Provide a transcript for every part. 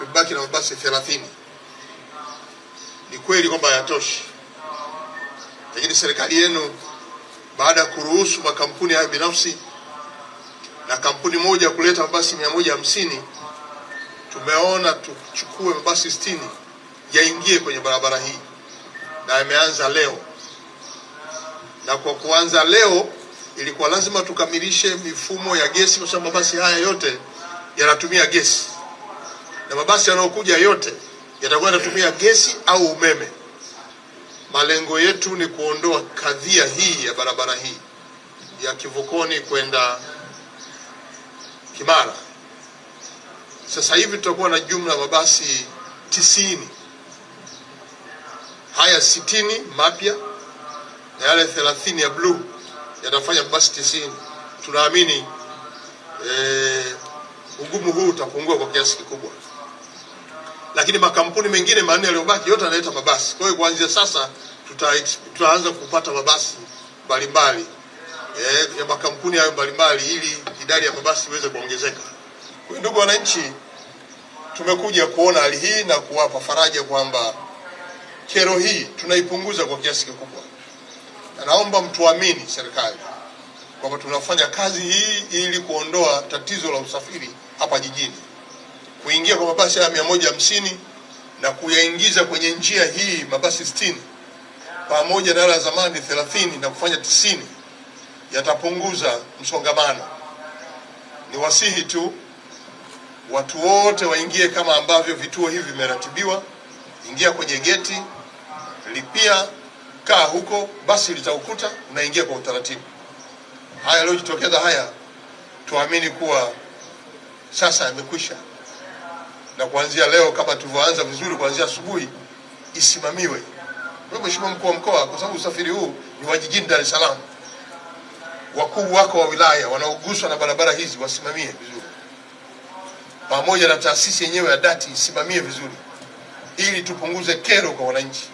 tumebaki na mabasi thelathini. Ni kweli kwamba hayatoshi, lakini serikali yenu baada ya kuruhusu makampuni hayo binafsi na kampuni moja kuleta mabasi mia moja hamsini tumeona tuchukue mabasi sitini yaingie kwenye barabara hii na yameanza leo. Na kwa kuanza leo, ilikuwa lazima tukamilishe mifumo ya gesi, kwa sababu mabasi haya yote yanatumia gesi na mabasi yanayokuja yote yatakuwa yanatumia gesi au umeme. Malengo yetu ni kuondoa kadhia hii ya barabara hii ya Kivukoni kwenda Kimara. Sasa hivi tutakuwa na jumla ya mabasi tisini, haya sitini mapya na yale thelathini ya bluu yatafanya mabasi tisini. Tunaamini eh, ugumu huu utapungua kwa kiasi kikubwa lakini makampuni mengine manne yaliyobaki yote yanaleta mabasi. Kwa hiyo kuanzia sasa tuta, tutaanza kupata mabasi mbalimbali eh, ya makampuni hayo mbalimbali ili idadi ya mabasi iweze kuongezeka. Kwa ndugu wananchi, tumekuja kuona hali hii na kuwapa faraja kwamba kero hii tunaipunguza kwa kiasi kikubwa, na naomba mtuamini serikali kwamba tunafanya kazi hii ili kuondoa tatizo la usafiri hapa jijini kuingia kwa mabasi haya mia moja hamsini na kuyaingiza kwenye njia hii mabasi sitini pamoja na ya zamani thelathini na kufanya tisini yatapunguza msongamano. Ni wasihi tu watu wote waingie kama ambavyo vituo hivi vimeratibiwa. Ingia kwenye geti, lipia, kaa huko, basi litaukuta, unaingia kwa utaratibu. Haya yaliyojitokeza haya, tuamini kuwa sasa yamekwisha na kuanzia leo kama tulivyoanza vizuri kuanzia asubuhi isimamiwe. Mheshimiwa mkuu wa mkoa, kwa sababu usafiri huu ni wa jijini Dar es Salaam, wakuu wako wa wilaya wanaoguswa na barabara hizi wasimamie vizuri, pamoja na taasisi yenyewe ya dati isimamie vizuri, ili tupunguze kero kwa wananchi.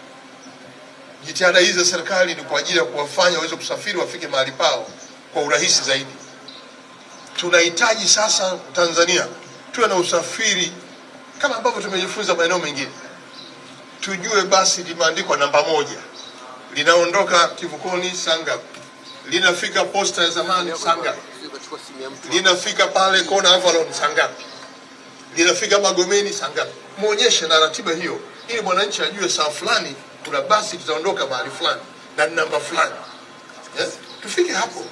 Jitihada hizi za serikali ni kwa ajili ya kuwafanya waweze kusafiri, wafike mahali pao kwa urahisi zaidi. Tunahitaji sasa Tanzania tuwe na usafiri kama ambavyo tumejifunza maeneo mengine. Tujue basi limeandikwa namba moja, linaondoka kivukoni Sanga, linafika posta ya zamani Sanga, linafika pale kona Avalon Sanga, linafika Magomeni Sanga. ngapi. Muonyeshe na ratiba hiyo, ili mwananchi ajue saa fulani kuna basi litaondoka mahali fulani na namba fulani. Yes? Tufike hapo,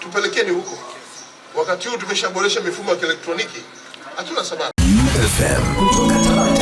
tupelekeni huko. Wakati huu tumeshaboresha mifumo ya kielektroniki, hatuna sababu FM.